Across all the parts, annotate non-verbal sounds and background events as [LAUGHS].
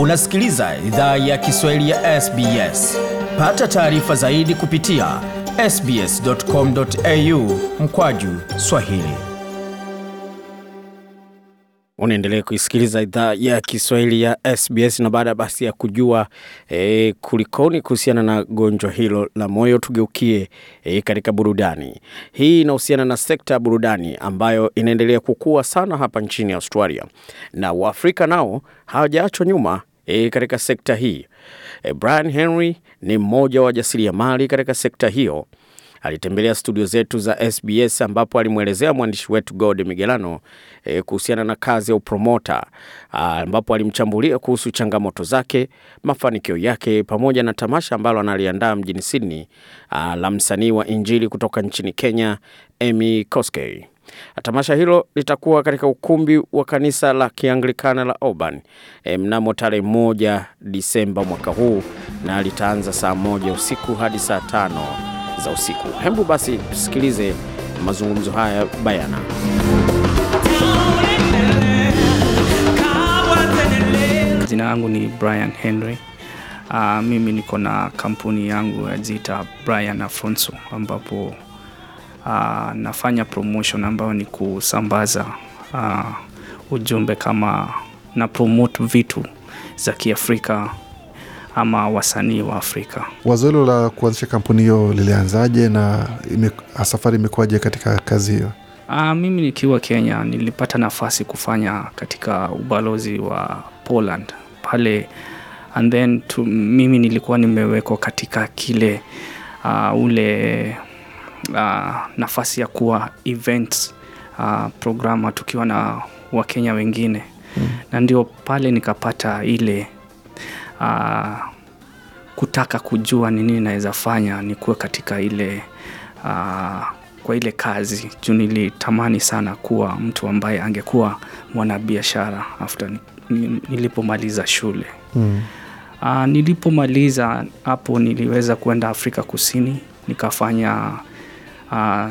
Unasikiliza idhaa ya Kiswahili ya SBS. Pata taarifa zaidi kupitia sbs.com.au mkwaju swahili. Unaendelea kuisikiliza idhaa ya Kiswahili ya SBS na baada basi ya kujua e, kulikoni kuhusiana na gonjwa hilo la moyo, tugeukie e, katika burudani. Hii inahusiana na sekta ya burudani ambayo inaendelea kukua sana hapa nchini Australia, na Waafrika nao hawajaachwa nyuma e, katika sekta hii e, Brian Henry ni mmoja wa mali katika sekta hiyo. Alitembelea studio zetu za SBS ambapo alimwelezea mwandishi wetu God Migelano e, kuhusiana na kazi ya upromota ambapo alimchambulia kuhusu changamoto zake, mafanikio yake, pamoja na tamasha ambalo analiandaa mjini Sydney la msanii wa injili kutoka nchini Kenya Emmy Koskei. Tamasha hilo litakuwa katika ukumbi wa kanisa la Kianglikana la Oban e, eh, mnamo tarehe moja Disemba mwaka huu na litaanza saa moja usiku hadi saa tano za usiku. Hembu basi tusikilize mazungumzo haya bayana. Jina langu ni Brian Henry. Uh, mimi niko na kampuni yangu yajiita Brian Afonso ambapo uh, nafanya promotion ambayo ni kusambaza uh, ujumbe kama na promote vitu za Kiafrika ama wasanii wa Afrika. Wazo hilo la kuanzisha kampuni hiyo lilianzaje na ime, safari imekuwaje katika kazi hiyo? Uh, mimi nikiwa Kenya nilipata nafasi kufanya katika ubalozi wa Poland pale and then to, mimi nilikuwa nimewekwa katika kile uh, ule uh, nafasi ya kuwa event uh, programa tukiwa na Wakenya wengine mm. na ndio pale nikapata ile uh, kutaka kujua ni nini naweza fanya nikuwe katika ile uh, kwa ile kazi juu nilitamani sana kuwa mtu ambaye angekuwa mwanabiashara after nilipomaliza shule mm. uh, nilipomaliza hapo niliweza kuenda Afrika Kusini nikafanya uh,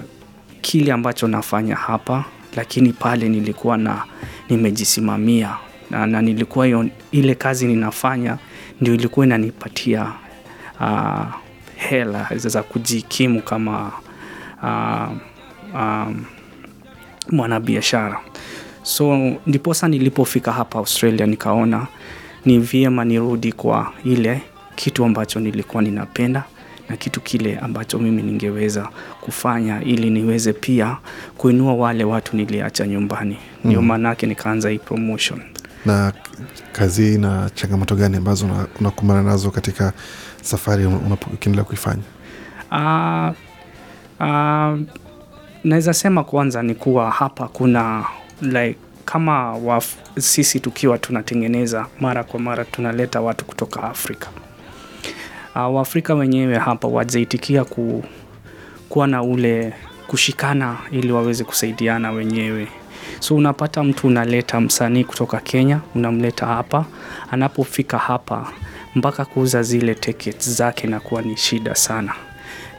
kile ambacho nafanya hapa, lakini pale nilikuwa na nimejisimamia na, na nilikuwa yon, ile kazi ninafanya ndio ilikuwa inanipatia uh, hela za kujikimu kama uh, uh, mwanabiashara. So ndiposa nilipofika hapa Australia nikaona ni vyema nirudi kwa ile kitu ambacho nilikuwa ninapenda na kitu kile ambacho mimi ningeweza kufanya ili niweze pia kuinua wale watu niliacha nyumbani. Ndio mm. maanake nikaanza hii promotion. Na kazi na changamoto gani ambazo unakumbana nazo katika safari ukiendelea kuifanya? Uh, uh, naweza sema kwanza ni kuwa hapa kuna like kama waf, sisi tukiwa tunatengeneza mara kwa mara tunaleta watu kutoka Afrika uh, Waafrika wenyewe hapa wajaitikia ku, kuwa na ule kushikana ili waweze kusaidiana wenyewe. So unapata mtu unaleta msanii kutoka Kenya, unamleta hapa, anapofika hapa mpaka kuuza zile tickets zake na kuwa ni shida sana,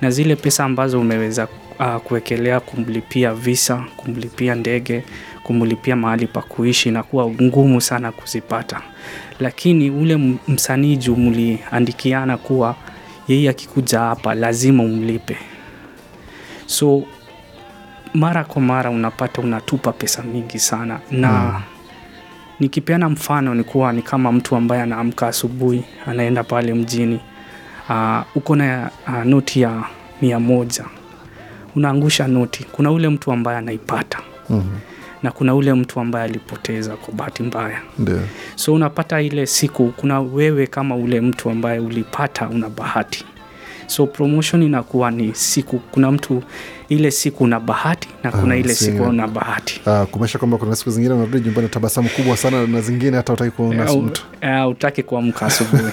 na zile pesa ambazo umeweza uh, kuwekelea kumlipia visa, kumlipia ndege kumlipia mahali pa kuishi inakuwa ngumu sana kuzipata. Lakini ule msanii juu mliandikiana kuwa yeye akikuja hapa lazima umlipe. So mara kwa mara unapata unatupa pesa mingi sana na mm. Nikipeana mfano ni kuwa ni kama mtu ambaye anaamka asubuhi anaenda pale mjini uh, uko na uh, noti ya mia moja unaangusha noti, kuna ule mtu ambaye anaipata mm -hmm na kuna ule mtu ambaye alipoteza kwa bahati mbaya. Ndio. So unapata ile siku kuna wewe kama ule mtu ambaye ulipata una bahati So promotion inakuwa ni siku, kuna mtu ile siku na bahati na ah, kuna ah, ile siku na bahati ah, kumesha kwamba kuna siku zingine unarudi nyumbani tabasamu kubwa sana na zingine hata utaki kuona eh, mtu eh, utaki kuamka asubuhi [LAUGHS]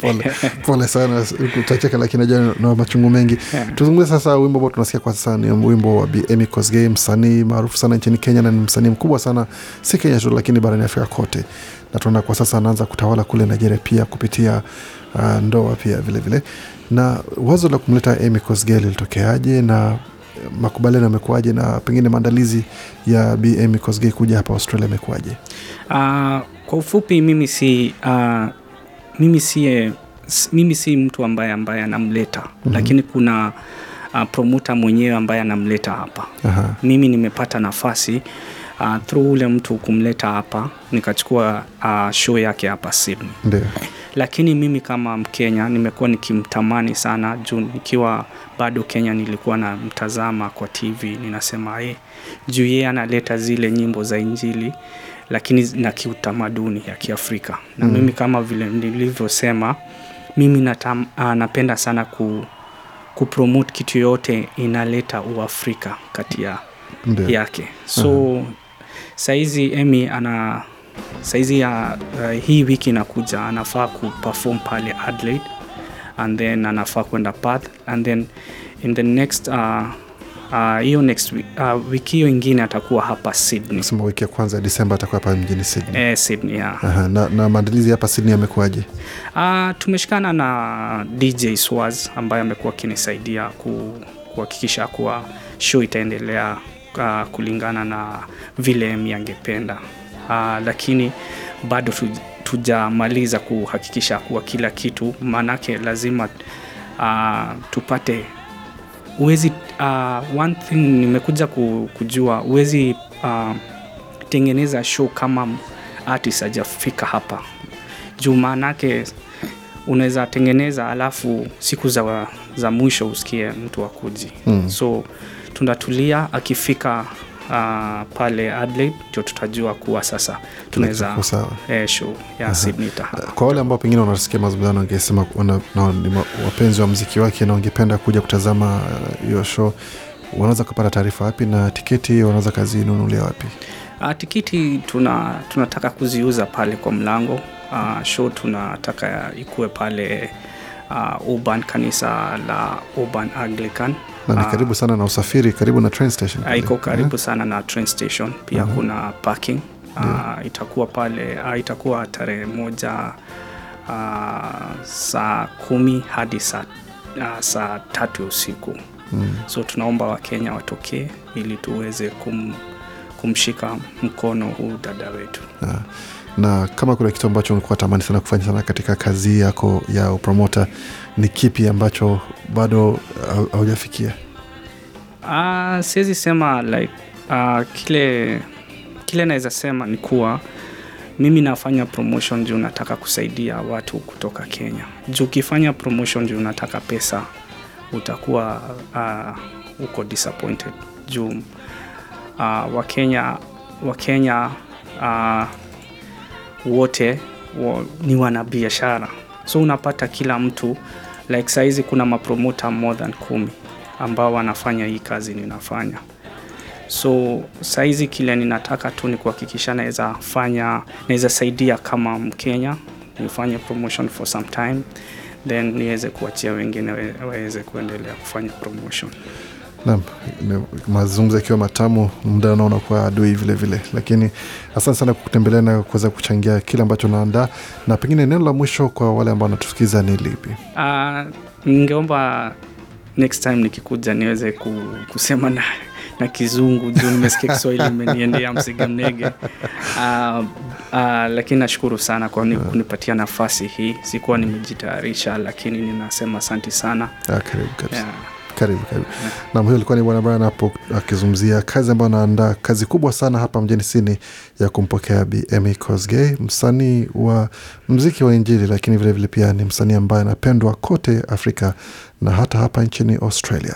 pole, pole sana utacheka lakini najua na machungu mengi yeah. tuzungumze sasa wimbo ambao tunasikia kwa sasa ni wimbo wa Emmy Kosgei msanii maarufu sana nchini Kenya na ni msanii mkubwa sana si Kenya tu lakini barani Afrika kote na tunaona kwa sasa anaanza kutawala kule Nigeria pia kupitia uh, ndoa pia vilevile vile. Na wazo la kumleta Amy Kosgei lilitokeaje na makubaliano yamekuwaje na pengine maandalizi ya Bi Amy Kosgei kuja hapa Australia yamekuwaje? Uh, kwa ufupi mimi si uh, mimi si mimi si mtu ambaye ambaye anamleta mm-hmm. Lakini kuna uh, ah, promota mwenyewe ambaye anamleta hapa. Aha. Mimi nimepata nafasi uh, through ule mtu kumleta hapa nikachukua uh, show yake hapa Sydney. Ndio. Lakini mimi kama Mkenya nimekuwa nikimtamani sana juu nikiwa bado Kenya nilikuwa na mtazama kwa TV ninasema eh, juu yeye analeta zile nyimbo za Injili lakini na kiutamaduni ya Kiafrika na mm. mimi kama vile nilivyosema mimi natam, uh, napenda sana ku, kupromote kitu yote inaleta uafrika kati ya yake so mm saizi Emi ana saizi ya uh, hii wiki inakuja anafaa kuperform pale Adelaide and then anafaa kwenda Perth and then in the next uh, hiyo uh, next week uh, ah, wiki hiyo ingine atakuwa hapa Sydney. Sema wiki ya kwanza ya Disemba atakuwa hapa mjini Sydney. Eh, Sydney yeah. Aha, na, na maandalizi hapa Sydney yamekuwaje? Uh, tumeshikana na DJ Swaz ambaye amekuwa akinisaidia kuhakikisha kuwa show itaendelea uh, kulingana na vile Emi angependa uh, lakini bado tujamaliza kuhakikisha kuwa kila kitu, maanake lazima uh, tupate uwezi uh, ah, one thing nimekuja kujua uwezi uh, tengeneza show kama artist ajafika hapa juu, maanake unaweza tengeneza alafu siku za, za mwisho usikie mtu akuji mm. so tunatulia akifika uh, pale ndio tutajua kuwa sasa tunaweza eh, ya eh, Kwa wale ambao pengine wanasikia mazungumzo wangesema wapenzi wa mziki wake na wangependa kuja kutazama eh, hiyo uh, show wanaweza kupata taarifa wapi na tiketi wanaweza kazinunulia wapi? Uh, tiketi tuna, tunataka kuziuza pale kwa mlango uh, show tunataka ikuwe pale uh, uban kanisa la uban Anglican na ni ah. karibu sana na usafiri, karibu na train station, iko karibu eh? sana na train station pia. Mhm. kuna parking yeah. Itakuwa pale, ah, itakuwa tarehe moja ah, saa kumi hadi saa sa tatu usiku mm. So tunaomba Wakenya watokee ili tuweze kum, kumshika mkono huu dada wetu yeah na kama kuna kitu ambacho ulikuwa tamani sana kufanya sana katika kazi yako ya upromota, ni kipi ambacho bado uh, haujafikia? Uh, siwezi sema like uh, kile kile naweza sema ni kuwa mimi nafanya promotion juu nataka kusaidia watu kutoka Kenya. Juu ukifanya promotion juu unataka pesa, utakuwa uh, uko disappointed juu uh, Wakenya Wakenya uh, wote wo, ni wanabiashara, so unapata kila mtu like saizi kuna mapromota more than kumi ambao wanafanya hii kazi ninafanya. So saizi kile ninataka tu ni kuhakikisha nawezafanya naweza saidia kama Mkenya nifanye promotion for some time then niweze kuachia wengine waweze kuendelea kufanya promotion mazungumzo yakiwa matamu, muda naona kuwa adui vile vile, lakini asante sana kwa kutembelea na kuweza kuchangia kile ambacho unaandaa, na pengine neno la mwisho kwa wale ambao wanatusikiza ni lipi? Uh, ningeomba next time nikikuja niweze kusema na, na Kizungu juu nimesikia Kiswahili imeniendea msiga mnege. Uh, uh, lakini nashukuru sana kwa kunipatia nafasi hii, sikuwa nimejitayarisha, lakini ninasema asanti sana. Karibu karibu, karibu. Nam, huyo alikuwa ni Bwana Brian hapo akizungumzia kazi ambayo anaandaa, kazi kubwa sana hapa mjini Sydney ya kumpokea Bi Emmy msanii wa mziki wa Injili, lakini vilevile vile pia ni msanii ambaye anapendwa kote Afrika na hata hapa nchini Australia.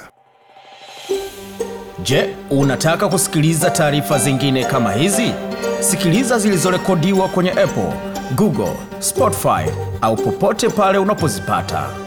Je, unataka kusikiliza taarifa zingine kama hizi? Sikiliza zilizorekodiwa kwenye Apple, Google, Spotify au popote pale unapozipata.